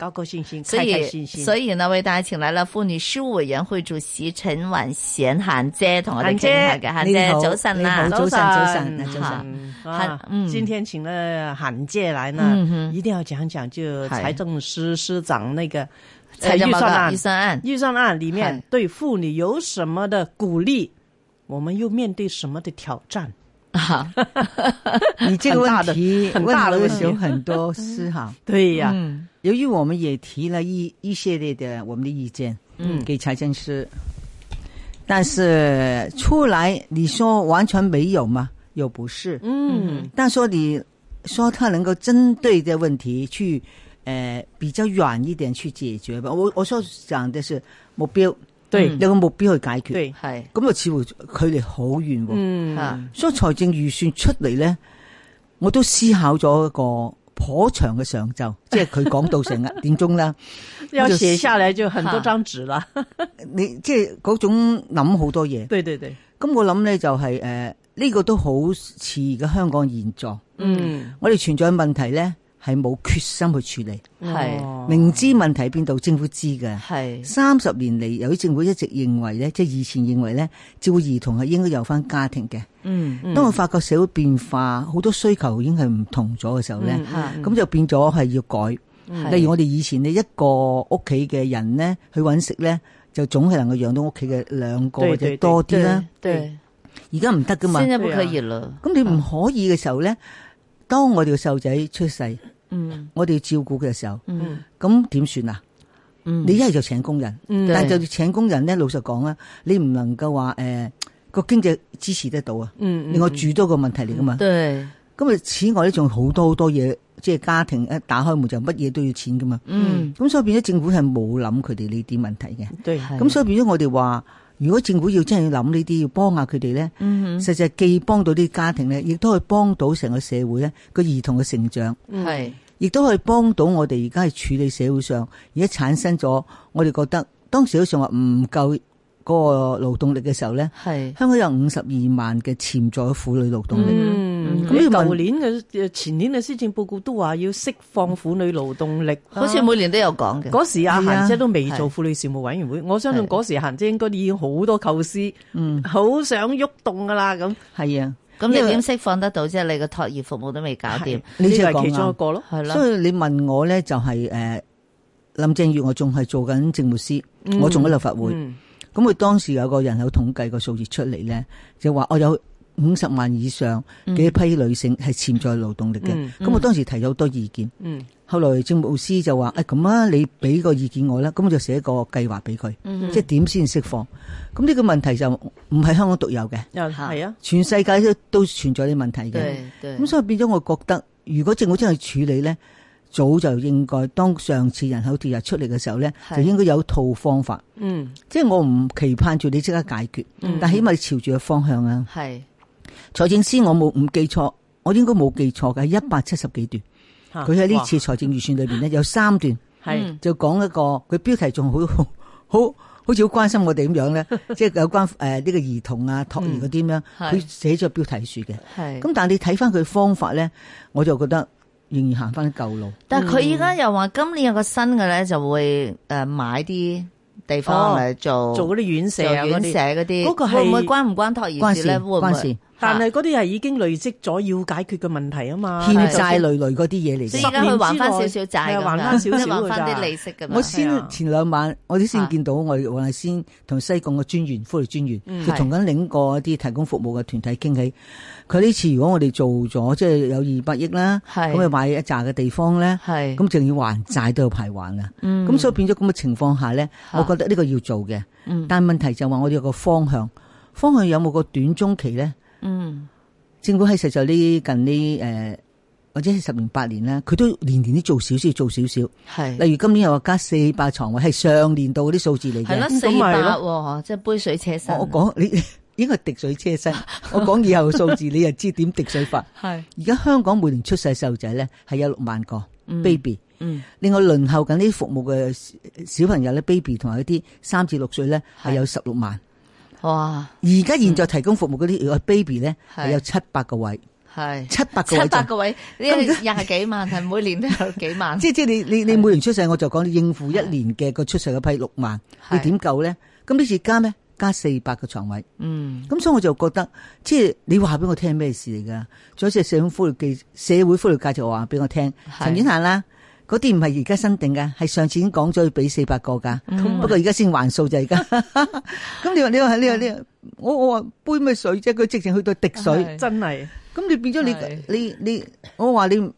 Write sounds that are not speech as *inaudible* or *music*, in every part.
高高興興，開開心心，所以所以呢，為大家請來了婦女事務委員會主席陳婉嫻，嫻姐，同我哋傾下偈，嫻姐，早晨啊，早晨，早晨，好，嗯，今天請了嫻姐來呢，嗯嗯，一定要講講就財政司司長那個財政預算案，預、欸、算，算案，預算案裏面對婦女有什麼的鼓勵，我們又面對什麼的挑戰？啊，嗯，你這個問題問到有很多事哈，對呀。由於我們也提了一一系列的我們的意見，嗯，給財政司，嗯，但是出來你說完全沒有嘛？又不是，嗯，但說你說他能夠針對的問題去，誒，呃，比較遠一點去解決，我我想講的是目標，對，有個目標去解決，對，係，咁啊似乎距離好遠，哦，嗯，啊，所以財政預算出嚟咧，我都思考咗一個。頗長嘅上晝，即係佢講到成一點鐘啦， *laughs* 要寫下來就很多張紙啦。 *laughs* 你即係嗰種諗好多嘢， *laughs* 對對對。咁我諗咧就係、是、誒、呢、呃呢個都好似香港現狀。嗯，我哋存在問題咧。係冇決心去處理，係明知問題喺邊度，政府知嘅。係三十年嚟，由於政府一直認為咧，即係以前認為咧，照顧兒童係應該由翻家庭嘅。嗯嗯。當我發覺社會變化好多需求已經係唔同咗嘅時候咧，咁、嗯嗯、就變咗係要改，嗯。例如我哋以前你一個屋企嘅人咧去搵食咧，就總係能夠養到屋企嘅兩個或者多啲啦。對，對，對，而家唔得噶嘛，咁你唔可以嘅時候咧。嗯當我哋嘅細仔出世，嗯，我哋要照顧嘅時候，咁點算啊？你一係就請工人，嗯、但係就請工人咧老實講啊，你唔能夠話誒個經濟支持得到啊，你、嗯、我住多個問題嚟噶嘛。咁、嗯、啊，此外咧仲好多好多嘢，即係家庭一打開門就乜嘢都要錢噶嘛。咁、嗯、所以變咗政府係冇諗佢哋呢啲問題嘅。咁所以變咗我哋話。如果政府真的要真係要諗呢啲，要幫下佢哋咧，嗯哼，實際既幫到啲家庭咧，亦都可以幫到成個社會咧個兒童嘅成長，亦都可以幫到我哋而家係處理社會上而家產生咗我哋覺得當時都想話唔夠。嗰、那個勞動力嘅時候咧，香港有五十二萬嘅潛在婦女勞動力。咁、嗯、舊、嗯、年嘅、前年嘅施政報告都話要釋放婦女勞動力，啊、好似每年都有講嘅。嗰時阿、啊、嫻、啊、姐都未做婦女事務委員會，啊、我相信嗰時嫻姐應該已經好多構思，嗯，好想喐動噶啦。咁係啊，咁、啊、你點釋放得到即啫？你個托兒服務都未搞掂，呢個係其中一個咯，係咯、啊。所以你問我咧、就是，就係誒，林鄭月，我仲係做緊政務司，嗯、我仲喺立法會。嗯咁佢當時有個人口統計個數字出嚟咧，就話我有五十萬以上幾批女性係潛在勞動力嘅。咁、嗯嗯、我當時提咗好多意見。嗯、後來政務司就話，咁、哎、啊，你俾個意見我啦。咁我就寫一個計劃俾佢、嗯嗯，即係點先釋放。咁呢個問題就唔係香港獨有嘅，係、嗯、啊，全世界都都存在啲問題嘅。咁所以變咗，我覺得如果政府真係處理咧。早就應該當上次人口調入出嚟嘅時候咧，就應該有套方法。嗯，即係我唔期盼住你即刻解決，嗯、但起起碼你朝住個方向啊。係財政司我，我冇唔記錯，我應該冇記錯嘅，一百七十幾段。佢喺呢次財政預算裏面咧，有三段係就講一個，佢標題仲好好好似好關心我哋咁樣咧， *laughs* 即係有關誒呢、呃這個兒童啊、托兒嗰啲咁樣。佢寫咗標題書嘅。係。咁但你睇翻佢方法咧，我就覺得。仍然行翻啲舊路，嗯、但係佢依家又話今年有個新嘅咧，就會誒買啲地方嚟做，哦、做嗰啲院舍，嗰啲院舍嗰啲、嗰、嗰個係咪關唔關托兒事咧？關事。會但係嗰啲係已經累積咗要解決嘅問題啊嘛，欠債累累嗰啲嘢嚟，所以而家去還翻少少債㗎，係還翻少少㗎，還翻啲利息㗎。我先前兩晚 *laughs* 我哋先見到我哋黃麗仙同西貢嘅專員、啊、福利專員，佢同緊領過一啲提供服務嘅團體傾起。佢、嗯、呢次如果我哋做咗，即、就、係、是、有二百億啦，咁去買一扎嘅地方咧，咁仲要還債都要排還啦。咁、嗯、所以變咗咁嘅情況下咧、啊，我覺得呢個要做嘅、嗯。但係問題就話我哋有個方向，方向有冇個短中期咧？嗯，政府喺實在呢近呢誒、呃，或者係十年八年啦，佢都年年都做少少，做少少。係，例如今年又話加四百床位，係上年度嗰啲數字嚟嘅。係咯，四、嗯、百，嗬、哦，即、嗯、係、就是、杯水車薪。我講你，應該滴水車薪。 *laughs* 我講以後數字， *laughs* 你又知點滴水法？係。而家香港每年出世細路仔咧，係有六萬個 baby、嗯。嗯。另外輪候緊呢啲服務嘅小朋友咧，baby 同埋一啲三至六歲咧，係有十六萬。哇！而家現在提供服務嗰啲，如果 baby 咧，有七百個位，係七百個位七百個位，呢咁廿幾萬，係 *laughs* 每年都有幾萬，即係即係你你你每年出世，我就講應付一年嘅個出世嗰批六萬，你點夠咧？咁呢次加咩？加四百個床位，嗯，咁所以我就覺得，即係你話俾我聽咩事嚟噶？仲有即係社會福利界社會福利價值，話俾我聽，陳婉嫻啦。嗰啲唔係而家新定嘅，係上次已經講咗要俾四百個㗎、嗯，不過而家先還數就而家。咁 *laughs* 你話你話你話你話，我我話杯咩水啫？佢直情去到滴水，真係。咁你變咗你你你，你，我話你。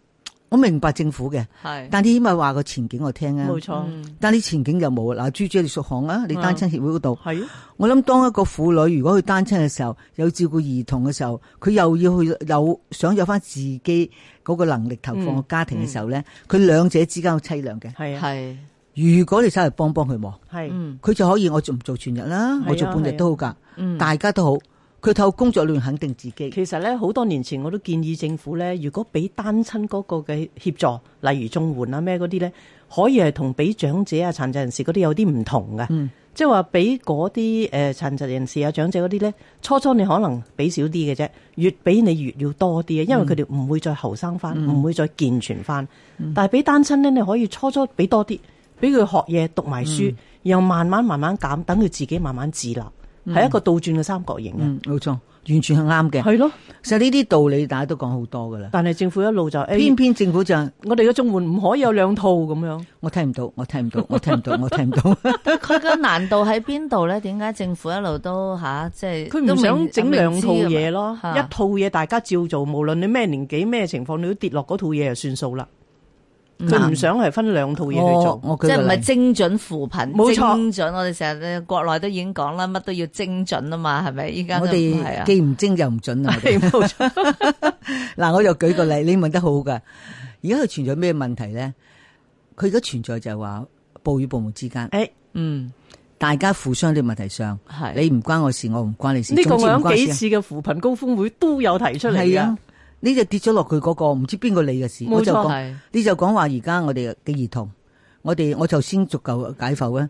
我明白政府嘅，係，但你起碼話個前景我聽啊，冇錯、嗯，但啲前景就冇啦。嗱，朱朱你熟行啊，你單親協會嗰度，係、啊啊，我諗當一個婦女如果佢單親嘅時候，有照顧兒童嘅時候，佢又要去有想有翻自己嗰個能力投放個家庭嘅時候咧，佢、嗯、兩、嗯、者之間好淒涼嘅，係啊，係、啊。如果你真係幫幫佢，冇、啊，係，佢就可以我做唔做全日啦、啊啊，我做半日都好噶、啊啊嗯，大家都好。佢透過工作嚟肯定自己。其實咧，好多年前我都建議政府咧，如果俾單親嗰個嘅協助，例如綜援啊咩嗰啲咧，可以係同俾長者啊殘疾人士嗰啲有啲唔同嘅、嗯。即係話俾嗰啲誒殘疾人士啊長者嗰啲咧，初初你可能俾少啲嘅啫，越俾你越要多啲，因為佢哋唔會再後生翻，唔、嗯嗯、會再健全翻、嗯。但係俾單親咧，你可以初初俾多啲，俾佢學嘢讀埋書，書嗯、然後慢慢慢慢減，等佢自己慢慢自立。係一個倒轉嘅三角形啊、嗯！冇、嗯、錯，完全係啱嘅。係咯，其實呢啲道理大家都講好多噶啦。但係政府一路就，偏偏政府就是哎，我哋嘅綜援唔可以有兩套咁樣。 *laughs* 我聽唔到，我聽唔到，我聽唔到， *laughs* 到，我聽唔到。佢個 *laughs* 難度喺邊度咧？點解政府一路都吓，即係佢唔想整兩套嘢咯？一套嘢大家照做，無論你咩年紀、咩情況，你都跌落嗰套嘢就算數啦。佢、嗯、唔想係分兩套嘢，去做我我，即係唔係精準扶貧？冇錯，精準，我哋成日國內都已經講啦，乜都要精準啊嘛，係咪？依家我哋既唔精又唔準啊！冇錯。嗱，我又 *laughs* 沒錯 *laughs* 舉個例，你問得好噶。而家佢存在咩問題咧？佢而家存在就係話部與部門之間，誒、欸，嗯，大家互相啲問題上，你唔關我事，我唔關你事。呢、這個我諗幾次嘅扶貧高峰會都有提出嚟噶。你就跌咗落去嗰個唔知邊個理嘅事，我就講你就講話而家我哋嘅兒童，我哋我頭先足夠解剖咧，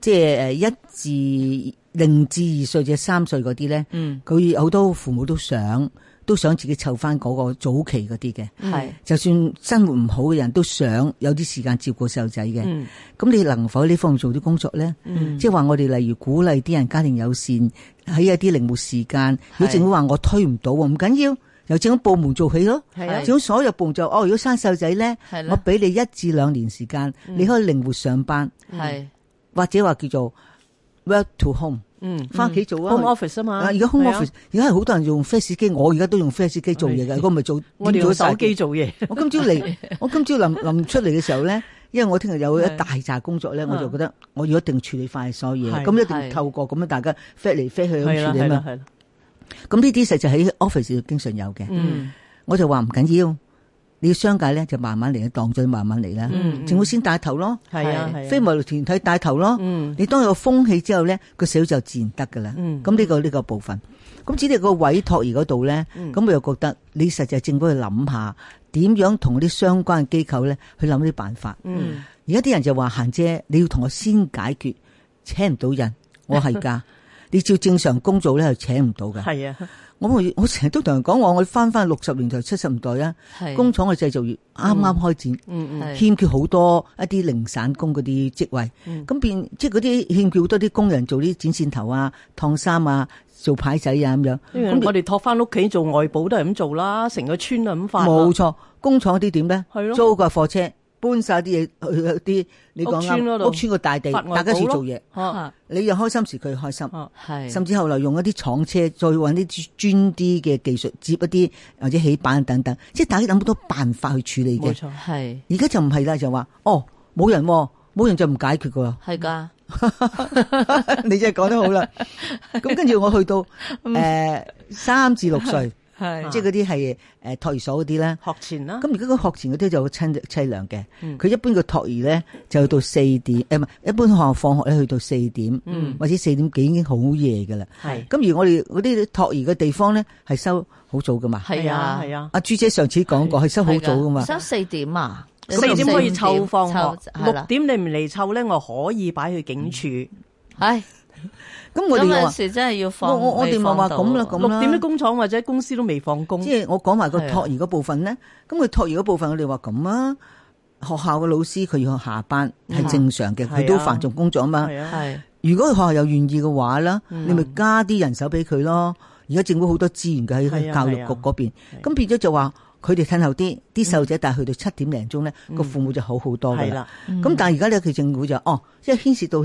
即係一至零至二歲係三歲嗰啲咧，佢、嗯、好多父母都想都想自己湊翻嗰個早期嗰啲嘅，係、嗯、就算生活唔好嘅人都想有啲時間照顧細路仔嘅。咁、嗯、你能否呢方面做啲工作咧、嗯？即係話我哋例如鼓勵啲人家庭友善，喺一啲靈活時間，你政府話我推唔到喎，唔緊要。由政府部門做起咯，係啊，政府所有部門就哦，如果生細仔咧，嗯、我俾你一至兩年時間，你可以靈活上班，係、嗯、或者話叫做 work to home，嗯，翻屋企做啊、嗯、home office 啊嘛。而家 home office，而家係好多人用 face 機，我而家都用 face 機做嘢噶，如果唔係做我哋做手機做嘢。我今朝嚟，我今朝臨臨出嚟嘅時候咧，因為我聽日有一大紮工作咧，我就覺得我要一定要處理快所有嘢，咁一定要透過咁樣大家飛嚟飛去咁處理嘛。咁呢啲實際喺 office 度經常有嘅、嗯，我就話唔緊要，你要商界咧就慢慢嚟，當咗慢慢嚟啦、嗯嗯。政府先帶頭咯，係啊，非牟利團體帶頭咯、嗯。你當有風氣之後咧，個社會就自然得噶啦。咁、嗯、呢、這個呢、這個部分，咁只係個委託而嗰度咧，咁、嗯、我又覺得你實際政府去諗下，點樣同啲相關嘅機構咧去諗啲辦法。而家啲人就話行姐，你要同我先解決，請唔到人，我係噶。 *laughs* 你照正常工作咧，係請唔到嘅。係啊，我我成日都同人講，我我翻翻六十年代、七十年代啊，工廠嘅製造業啱啱開展，嗯嗯、欠缺好多一啲零散工嗰啲職位，咁、嗯、變即係嗰啲欠缺好多啲工人做啲剪線頭啊、燙衫啊、做牌仔啊咁樣。咁我哋托翻屋企做外保都係咁做啦，成個村啊咁發。冇錯，工廠嗰啲點咧？係咯、啊，租個貨車。搬晒啲嘢去啲，你講啦，屋村個大地大家一齊做嘢，啊，你又開心時佢開心，係、啊，甚至後來用一啲廠車，再搵啲專啲嘅技術接一啲或者起板等等，即係大家諗好多辦法去處理嘅。冇錯，係。而家就唔係啦，就話哦，冇人，冇人就唔解決噶。係噶， *laughs* *laughs* 你真係講得好啦。咁跟住我去到誒三至六歲。 *laughs* 係，即係嗰啲係，誒，托兒所嗰啲咧，學前啦。咁如果個學前嗰啲就好凄淒涼嘅，佢、嗯、一般個托兒咧就去到四點，誒唔係，一般學校放學咧去到四點，嗯，或者四點幾已經好夜噶啦。係，咁而我哋嗰啲托兒嘅地方咧係收好早噶嘛。係啊，係啊，阿朱、啊、姐上次講過係收好早噶嘛，收四點啊，四點可以湊放學，六點你唔嚟湊咧，我可以擺去警署。係、嗯。嗯嗯咁 *laughs* 我哋有時真係要放，我我哋咪話咁啦，咁啦，六點啲工廠或者公司都未放工。即係我講埋個托兒嗰部分咧，咁佢托兒嗰部分我哋話咁啊，學校嘅老師佢要去下班係正常嘅，佢都繁重工作啊嘛。係，如果學校又願意嘅話啦，你咪加啲人手俾佢咯。而家政府好多資源嘅喺教育局嗰邊，咁變咗就話佢哋滯後啲，啲受者但係去到七點零鐘咧，個父母就好好多啦。咁但係而家咧，佢政府就哦，即係牽涉到。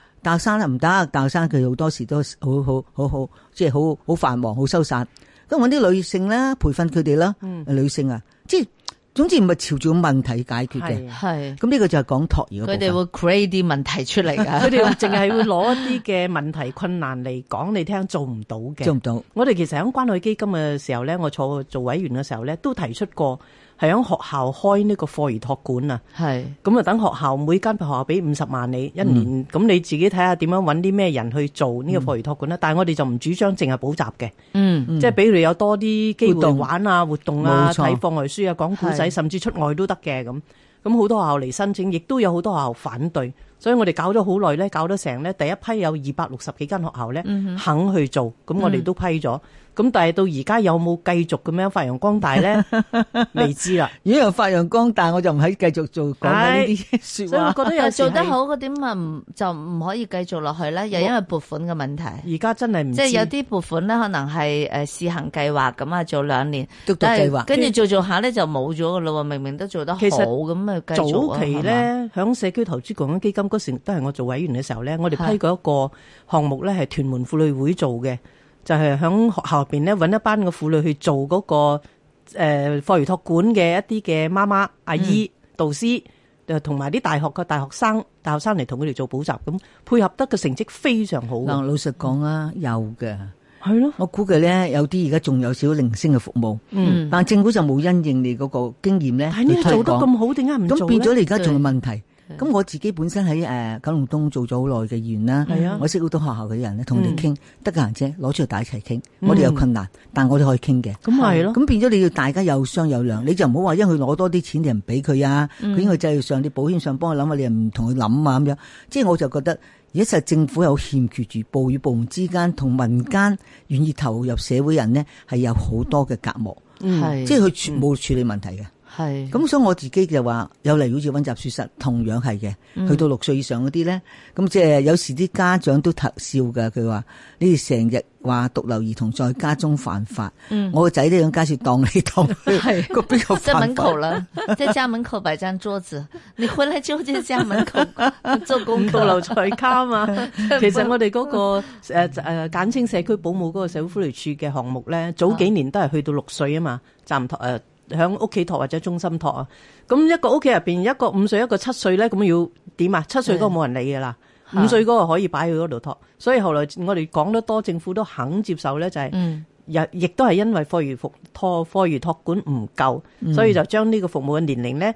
大學生啊唔得，大學生佢好多時都好好好好，即係好好繁忙，好收散。咁搵啲女性啦，培訓佢哋啦，女性啊，即係總之唔係朝住問題解決嘅。係咁呢個就係講托兒。佢哋會 create 啲問題出嚟㗎。佢哋淨係會攞一啲嘅問題 *laughs* 困難嚟講你聽做，做唔到嘅。做唔到。我哋其實喺關愛基金嘅時候咧，我坐做委員嘅時候咧，都提出過，係喺學校開呢個課餘託管啊，咁啊等學校每間學校俾五十萬你一年，咁你自己睇下點樣揾啲咩人去做呢個課餘託管咧？但係我哋就唔主張淨係補習嘅，即係俾你有多啲機會玩啊、活動啊、睇課外書啊、講古仔，甚至出外都得嘅咁。咁好多學校嚟申請，亦都有好多學校反對，所以我哋搞咗好耐咧，搞到成咧第一批有二百六十幾間學校咧肯去做，咁我哋都批咗。咁但係到而家有冇繼續咁樣發揚光大咧？未知啦。如果又發揚光大，我就唔喺繼續做講呢啲說話。 *laughs* 所以我覺得有時候做得好嗰點啊，就唔可以繼續落去呢？又因為撥款嘅問題。而家真係唔即係有啲撥款咧，可能係誒試行計劃咁啊，做兩年。計劃。跟住做做下咧就冇咗噶啦，明明都做得好咁啊，繼續啊。早期咧，響社區投資共享基金嗰時都係我做委員嘅時候咧，我哋批過一個項目咧，係屯門婦女會做嘅。就係、是、響學校入邊咧，揾一班嘅婦女去做嗰個誒課餘托管嘅一啲嘅媽媽、阿姨、嗯、導師，同埋啲大學嘅大學生、大學生嚟同佢哋做補習，咁配合得個成績非常好。老實講啊、嗯，有嘅係咯，我估計咧有啲而家仲有少少零星嘅服務，嗯，但政府就冇因應你嗰個經驗咧。係咧，做得咁好，點解唔做？咁變咗？你而家仲有問題？咁、嗯、我自己本身喺誒九龍東做咗好耐嘅議員啦、啊，我識好多學校嘅人咧，同佢哋傾得閒啫，攞、嗯、出嚟打一齊傾。我哋有困難，嗯、但我哋可以傾嘅。咁係咯，咁、啊、變咗你要大家有商有量、嗯，你就唔好話因為佢攞多啲錢，你唔俾佢啊，佢、嗯、應該制度上啲保險上幫我諗啊，你又唔同佢諗啊咁樣。即係我就覺得，而家實政府有欠缺住，部與部門之間同民間願意投入社會人呢，係有好多嘅隔膜，嗯、即係佢冇處理問題嘅。嗯嗯。係，咁所以我自己就話，有嚟好似溫習書室同樣係嘅。去到六歲以上嗰啲咧，咁即係有時啲家長都特笑㗎。佢話：你哋成日話獨留兒童在家中犯法，嗯、我個仔呢用家事、嗯、當你當，係個比較犯法。門家門口啦，即係家門口擺張桌子，你回來就見家門口做公獨留菜卡嘛。 *laughs* 其實我哋嗰、那個誒誒、嗯啊啊，簡稱社區保姆嗰個社會福利署嘅項目咧，早幾年都係去到六歲啊嘛，暫托誒。喺屋企托或者中心托啊，咁一個屋企入邊一個五歲一個七歲咧，咁要點啊？七歲嗰個冇人理噶啦，五歲嗰個可以擺去嗰度托。所以後來我哋講得多，政府都肯接受咧，就係亦亦都係因為課餘服托、課餘托管唔夠，所以就將呢個服務嘅年齡咧。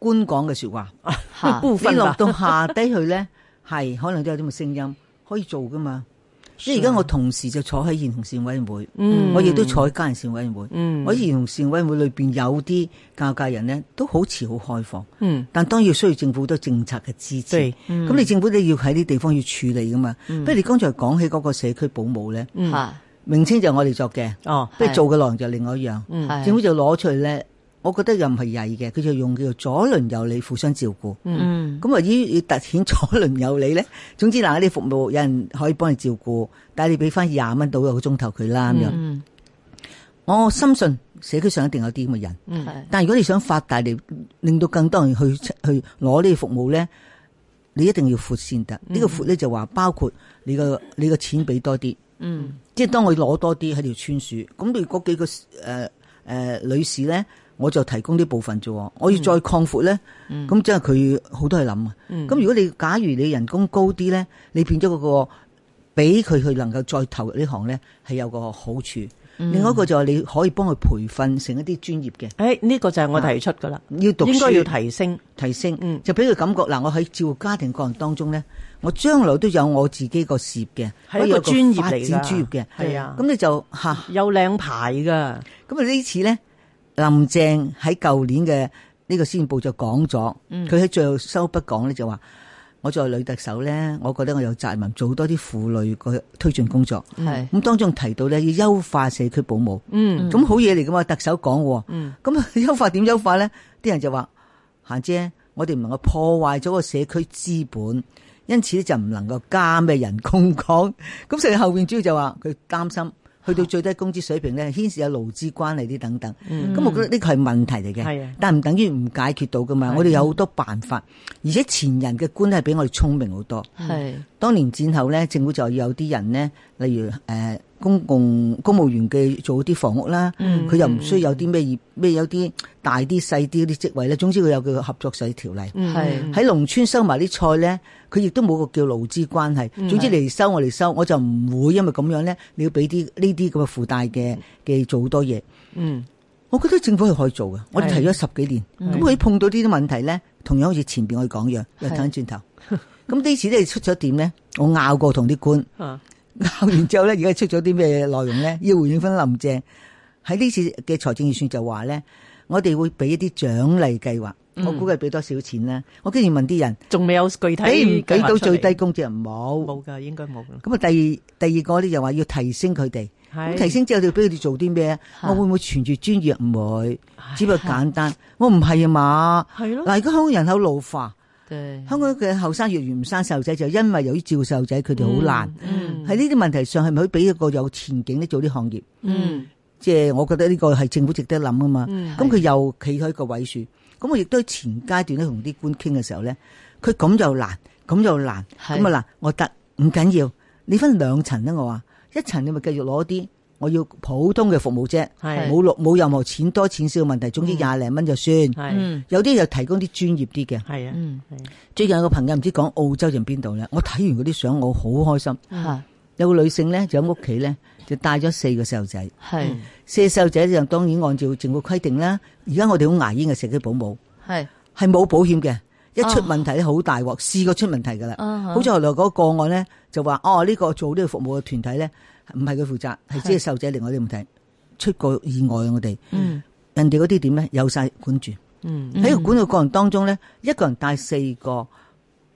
官講嘅說話，一 *laughs* 落到下低去咧，係 *laughs* 可能都有啲咁嘅聲音，可以做噶嘛？即係而家我同時就坐喺延洪善委員會，嗯、我亦都坐喺家人善委員會。嗯、我延洪善委員會裏邊有啲教界人咧，都好似好開放、嗯，但當然需要政府多政策嘅支持。咁、嗯、你政府你要喺啲地方要處理噶嘛？不、嗯、如你剛才講起嗰個社區保姆咧、嗯，名稱就係我哋作嘅，不、哦、如做嘅內容就另外一樣，嗯、政府就攞出嚟咧。我覺得又唔係曳嘅，佢就用叫做左鄰右里互相照顧。嗯，咁啊，要要凸顯左鄰右里咧。總之嗱，啲服務有人可以幫你照顧，但係你俾翻廿蚊到一個鐘頭佢啦咁樣、嗯。我深信社區上一定有啲咁嘅人。嗯、但係如果你想發大嚟，令到更多人去去攞呢啲服務咧，你一定要闊先得。呢、這個闊咧就話包括你個你個錢俾多啲。嗯，即係當我攞多啲喺條村樹，咁對嗰幾個誒誒、呃呃呃、女士咧。我就提供呢部分啫，我要再擴闊咧，咁即係佢好多嘢諗啊。咁、嗯、如果你假如你人工高啲咧，你變咗嗰個俾佢去能夠再投入呢行咧，係有個好處、嗯。另一個就係你可以幫佢培訓成一啲專業嘅。誒、欸、呢、呢個就係我提出噶啦，要讀書應該要提升，提升。嗯，就俾佢感覺嗱，我喺照顧家庭過程當中咧，我將來都有我自己個事業嘅，係一個專業嚟啦。專業嘅，係啊，咁你就有靚牌噶。咁啊，呢次咧。林鄭喺舊年嘅呢個宣布就講咗，佢、嗯、喺最後收筆講咧就話，我作為女特首咧，我覺得我有責任做多啲婦女嘅推進工作。係咁當中提到咧，要優化社區保姆。嗯，咁好嘢嚟噶嘛？特首講，咁啊優化點優化咧？啲人就話，嫻、嗯、姐，我哋唔能夠破壞咗個社區資本，因此咧就唔能夠加咩人工講。咁所以後邊主要就話佢擔心，去到最低工資水平咧，牽涉有勞資關係啲等等，咁、嗯、我覺得呢個係問題嚟嘅，係啊，但唔等於唔解決到㗎嘛。我哋有好多辦法，而且前人嘅官係比我哋聰明好多。係、嗯，當年戰後咧，政府就有啲人咧，例如、呃公共公務員嘅做啲房屋啦，佢、嗯、又唔需要有啲咩咩有啲大啲細啲嗰啲職位咧。總之佢有個合作社條例，喺、嗯、農村收埋啲菜咧，佢亦都冇個叫勞資關係。嗯、總之你嚟收我嚟收，我就唔會因為咁樣咧，你要俾啲呢啲咁嘅附帶嘅嘅、嗯、做好多嘢。嗯，我覺得政府係可以做嘅、嗯。我哋提咗十幾年，咁、嗯、佢碰到呢啲問題咧，同樣好似前面我哋講講樣，又睇一轉頭。咁 *laughs* 呢次咧出咗點咧，我拗過同啲官。啊拗完之後咧，而家出咗啲咩內容咧？要回應翻林鄭喺呢次嘅財政預算就話咧，我哋會俾一啲獎勵計劃。我估計俾多少錢咧？我竟然問啲人，仲、嗯、未有具體俾唔俾到最低工資？唔，冇冇噶應該冇。咁啊，第二第二個啲就話要提升佢哋。咁提升之後你要俾佢哋做啲咩？我會唔會存住專業？唔會，只不過簡單。我唔係啊嘛。係咯。嗱，而家香港人口老化。香港嘅後生越嚟越唔生細路仔，就因為由於照細路仔，佢哋好難。喺呢啲問題上，係咪可以俾一個有前景咧做啲行業？嗯，即係我覺得呢個係政府值得諗噶嘛。咁、嗯、佢又企喺個位處，咁我亦都喺前階段咧同啲官傾嘅時候咧，佢咁又難，咁又難，咁啊難，我得唔緊要，你分兩層咧，我話一層你咪繼續攞啲。我要普通嘅服務啫，冇冇任何錢多錢少嘅問題，總之廿零蚊就算。有啲就提供啲專業啲嘅。最近有個朋友唔知講澳洲定邊度咧，我睇完嗰啲相我好開心。有個女性咧，就喺屋企咧，就帶咗四個細路仔。四個細路仔就當然按照政府規定啦。而家我哋好牙煙嘅社區保姆係冇保險嘅，一出問題咧好大鑊，試、啊、過出問題㗎啦。啊、好似後來嗰個，個案咧就話哦，呢、呢個做呢個服務嘅團體咧。唔係佢負責，係即係受者另我哋唔睇出過意外，我哋嗯人哋嗰啲點咧有晒管住，嗯喺、嗯、個管嘅過程當中咧、嗯，一個人帶四個，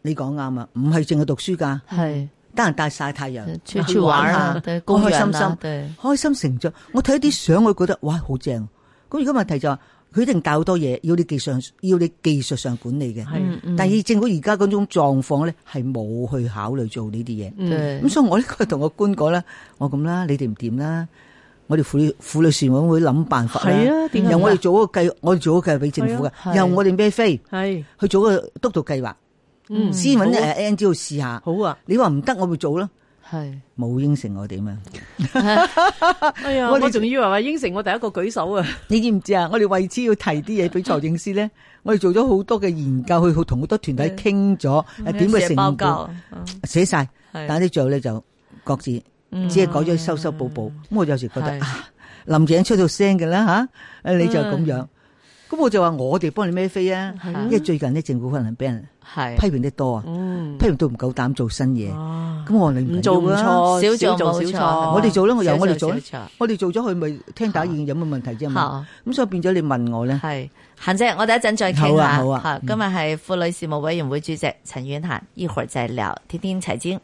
你講啱啊，唔係淨係讀書噶，係得人帶曬太陽，出去玩啊，開、啊啊、開心心，對開心成長。我睇一啲相，我覺得哇，好正，啊。咁如果問題就話。佢一定帶好多嘢，要你技術要你技術上管理嘅。係、嗯，但係政府而家嗰種狀況咧，係冇去考慮做呢啲嘢。咁、嗯、所以我呢個同個官講啦，我咁啦，你哋唔掂啦，我哋婦女婦女事務會諗辦法啦。係啊，啊，啊，啊，然後我哋做嗰個計，我哋做嗰個計俾政府㗎。由我哋孭飛，係去做個督導計劃。嗯，先搵誒 NG 要試下。好啊，你話唔得，我會做咯。係冇應承我點啊、哎 *laughs* 哎？我哋仲以為話應承我第一個舉手啊！你知唔知啊？我哋為此要提啲嘢俾財政司咧，我哋做咗好多嘅研究，去同好多團隊傾咗，點嘅成果。寫晒，但係呢最後呢就各自只係改咗修修補補。咁、嗯、我有時覺得啊，林鄭出到聲嘅啦吓，誒、啊、你就咁樣。咁我就話我哋幫你孭飛啊，因為最近呢政府可能俾人批評得多啊，批評到唔夠膽做新嘢，咁、嗯嗯、我哋唔做唔錯，少做少錯，我哋做咧我我哋做，我哋做咗佢咪聽打已經有冇問題啫？咁、啊、所以變咗你問我咧，係，嫻姐，我等一陣再傾。好啊，好啊，今日係婦女事務委員會主席陳婉嫻，一會兒再聊，天天齊傾。